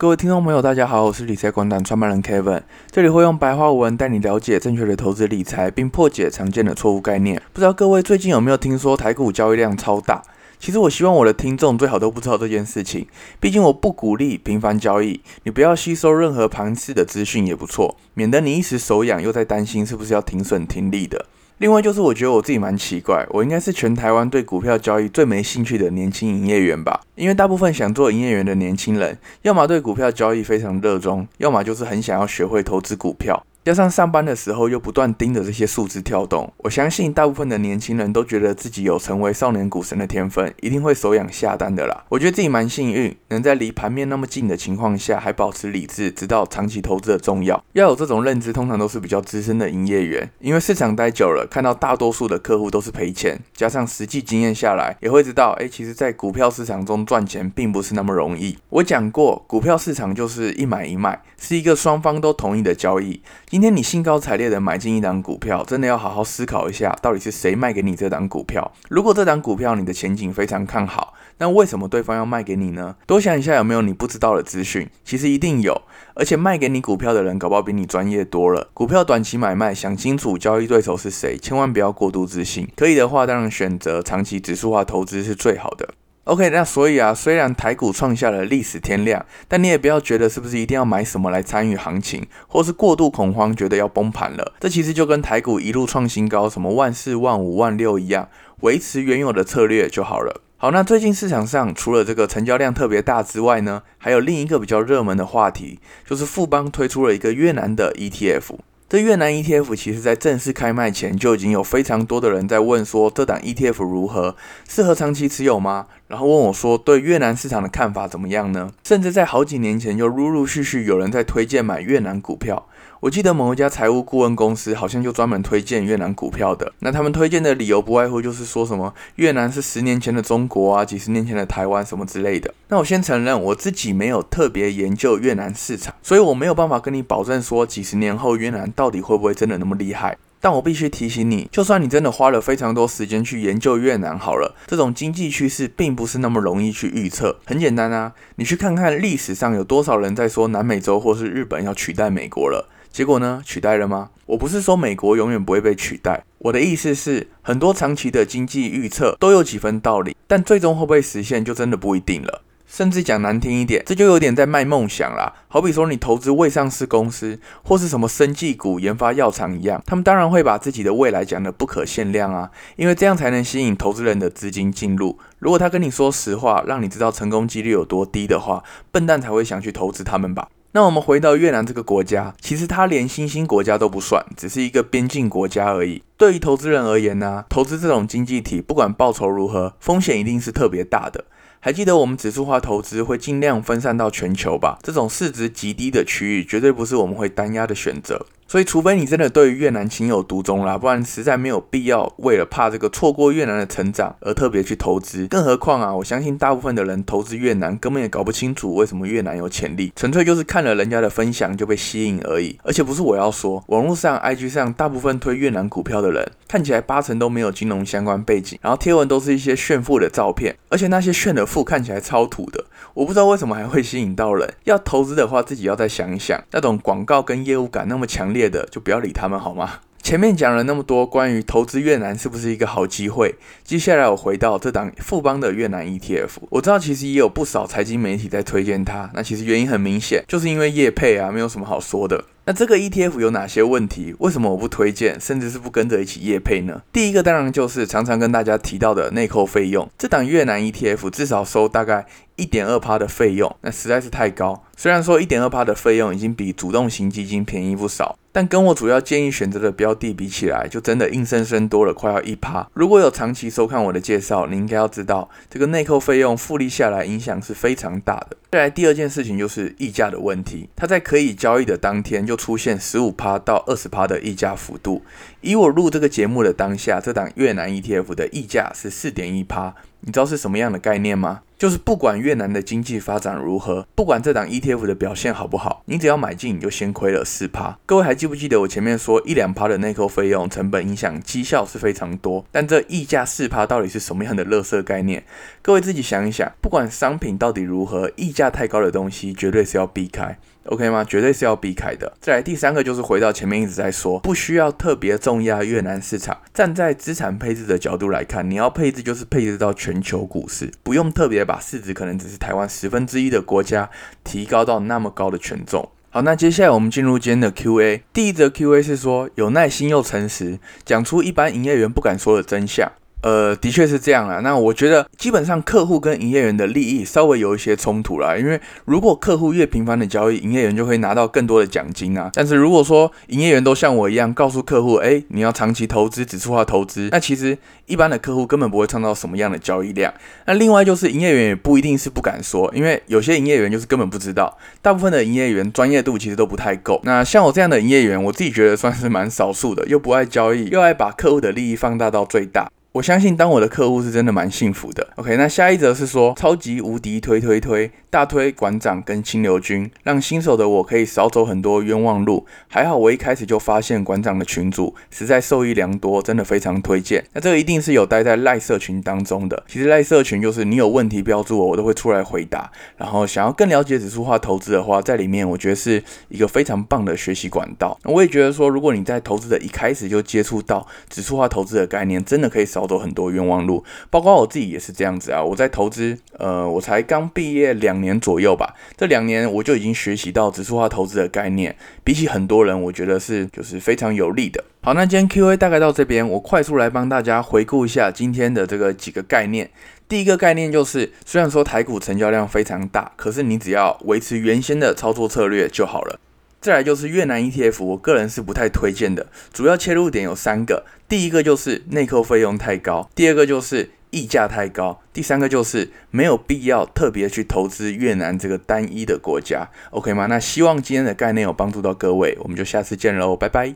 各位聽眾朋友，大家好，我是理財廣談創辦人 Kevin，這裡會用白話文帶你了解正確的投資理財，並破解常見的錯誤概念。不知道各位最近有沒有聽說台股交易量超大？其實我希望我的聽眾最好都不知道這件事情，畢竟我不鼓勵頻繁交易，你不要吸收任何盤勢的資訊也不錯，免得你一時手癢又在擔心是不是要停損停利的。另外就是，我覺得我自己蠻奇怪，我應該是全台灣對股票交易最沒興趣的年輕營業員吧？因為大部分想做營業員的年輕人，要麼對股票交易非常熱衷，要麼就是很想要學會投資股票。加上上班的時候又不斷盯着這些數字跳動，我相信大部分的年輕人都覺得自己有成為少年股神的天分，一定會手癢下單的啦。我覺得自己蠻幸運，能在離盤面那麼近的情況下還保持理智，知道長期投資的重要。要有這種認知，通常都是比較資深的營業員，因為市場待久了，看到大多數的客戶都是賠錢，加上實際經驗下來，也會知道，哎，其實，在股票市場中賺錢並不是那麼容易。我講過，股票市場就是一買一賣，是一個雙方都同意的交易。今天你興高采烈的買進一檔股票，真的要好好思考一下，到底是誰賣給你這檔股票？如果這檔股票你的前景非常看好，那為什麼對方要賣給你呢？多想一下有沒有你不知道的資訊，其實一定有，而且賣給你股票的人搞不好比你專業多了。股票短期買賣，想清楚交易對手是誰，千萬不要過度自信。可以的話，當然選擇長期指數化投資是最好的。OK，那所以啊，雖然台股創下了歷史天量，但你也不要覺得是不是一定要買什麼來參與行情，或是過度恐慌，覺得要崩盤了。這其實就跟台股一路創新高，什麼萬四萬五萬六一樣，維持原有的策略就好了。好，那最近市場上除了這個成交量特別大之外呢，還有另一個比較熱門的話題，就是富邦推出了一個越南的 ETF。這越南 ETF 其實在正式開賣前就已經有非常多的人在問說，這檔 ETF 如何，適合長期持有嗎？然後問我說：“對越南市場的看法怎麼樣呢？”甚至在好幾年前，就陸陸續續有人在推薦買越南股票。我記得某一家財務顧問公司好像就專門推薦越南股票的。那他們推薦的理由不外乎就是說什麼越南是十年前的中國啊，幾十年前的台灣什麼之類的。那我先承認我自己沒有特別研究越南市場，所以我沒有辦法跟你保證說幾十年後越南到底會不會真的那麼厲害。但我必須提醒你，就算你真的花了非常多時間去研究越南好了，這種經濟趨勢並不是那麼容易去預測。很簡單啊，你去看看歷史上有多少人在說南美洲或是日本要取代美國了，結果呢？取代了嗎？我不是說美國永遠不會被取代，我的意思是很多長期的經濟預測都有幾分道理，但最終會不會實現就真的不一定了。甚至講難聽一點，這就有點在賣夢想啦。好比說，你投資未上市公司或是什麼生技股、研發藥廠一樣，他們當然會把自己的未來講得不可限量啊，因為這樣才能吸引投資人的資金進入。如果他跟你說實話，讓你知道成功幾率有多低的話，笨蛋才會想去投資他們吧。那我們回到越南這個國家，其實它連新興國家都不算，只是一個邊境國家而已。對於投資人而言呢、啊，投資這種經濟體，不管報酬如何，風險一定是特別大的。還記得我們指數化投資會盡量分散到全球吧？這種市值極低的區域，絕對不是我們會單押的選擇。所以，除非你真的對於越南情有獨鍾啦，不然實在沒有必要為了怕這個錯過越南的成長而特別去投資。更何況啊，我相信大部分的人投資越南根本也搞不清楚為什麼越南有潛力，純粹就是看了人家的分享就被吸引而已。而且不是我要說，網絡上、IG 上大部分推越南股票的人，看起來八成都沒有金融相關背景，然後貼文都是一些炫富的照片，而且那些炫的富看起來超土的。我不知道為什麼還會吸引到人，要投資的話，自己要再想一想，那種廣告跟業務感那麼強烈的，就不要理他們，好嗎？前面講了那麼多關於投資越南是不是一個好機會，接下來我回到這檔富邦的越南 ETF。我知道其實也有不少財經媒體在推薦它，那其實原因很明顯，就是因為業配啊，沒有什麼好說的。那這個 ETF 有哪些問題？為什麼我不推薦，甚至是不跟着一起業配呢？第一個當然就是常常跟大家提到的內扣費用，這檔越南 ETF 至少收大概一點二趴的費用，那實在是太高。雖然說一點二趴的費用已經比主動型基金便宜不少。但跟我主要建議選擇的標的比起來，就真的硬生生多了快要一趴。如果有長期收看我的介紹，你應該要知道這個內扣費用複利下來影響是非常大的。再來第二件事情就是溢價的問題，它在可以交易的當天就出現十五趴到二十趴的溢價幅度。以我錄這個節目的當下，這檔越南 ETF 的溢價是四點一趴，你知道是什麼樣的概念嗎？就是不管越南的經濟發展如何，不管這檔 ETF 的表現好不好，你只要買進你就先虧了四趴。各位還記不記得我前面說一兩趴的內扣費用成本影響績效是非常多，但這溢價四趴到底是什麼樣的垃圾概念？各位自己想一想，不管商品到底如何，溢價太高的東西絕對是要避開。OK 嗎？絕對是要避開的。再來第三個，就是回到前面一直在說，不需要特別重壓越南市場。站在資產配置的角度來看，你要配置就是配置到全球股市，不用特別把市值可能只是台灣十分之一的國家提高到那麼高的權重。好，那接下來我們進入今天的 Q&A。第一則 Q&A 是說，有耐心又誠實，講出一般營業員不敢說的真相。呃，的確是這樣啦。那我覺得基本上客戶跟營業員的利益稍微有一些衝突啦，因為如果客戶越頻繁的交易，營業員就會拿到更多的獎金啊。但是如果說營業員都像我一樣告訴客戶，誒，你要長期投資指數化投資，那其實一般的客戶根本不會創造什麼樣的交易量。那另外就是營業員也不一定是不敢說，因為有些營業員就是根本不知道，大部分的營業員專業度其實都不太夠。那像我這樣的營業員，我自己覺得算是蠻少數的，又不愛交易，又愛把客戶的利益放大到最大。我相信當我的客戶是真的蠻幸福的。OK，那下一則是說，超級無敵推推推大推館長跟清流君，讓新手的我可以少走很多冤枉路。還好我一開始就發現館長的群組，實在受益良多，真的非常推薦。那這個一定是有待在賴社群當中的。其實賴社群就是你有問題標注我，我都會出來回答。然後想要更了解指數化投資的話，在裡面我覺得是一個非常棒的學習管道。那我也覺得說，如果你在投資的一開始就接觸到指數化投資的概念，真的可以少。走很多冤枉路，包括我自己也是這樣子啊。我在投資，呃，我才剛畢業兩年左右吧，這兩年我就已經學習到指數化投資的概念。比起很多人，我覺得是就是非常有利的。好，那今天 Q&A 大概到這邊，我快速來幫大家回顧一下今天的這個幾個概念。第一個概念就是，雖然說台股成交量非常大，可是你只要維持原先的操作策略就好了。再來就是越南 ETF，我個人是不太推薦的。主要切入點有三個：第一個就是內扣費用太高；第二個就是溢價太高；第三個就是沒有必要特別去投資越南這個單一的國家。OK 嗎？那希望今天的概念有幫助到各位，我們就下次見嘍，拜拜。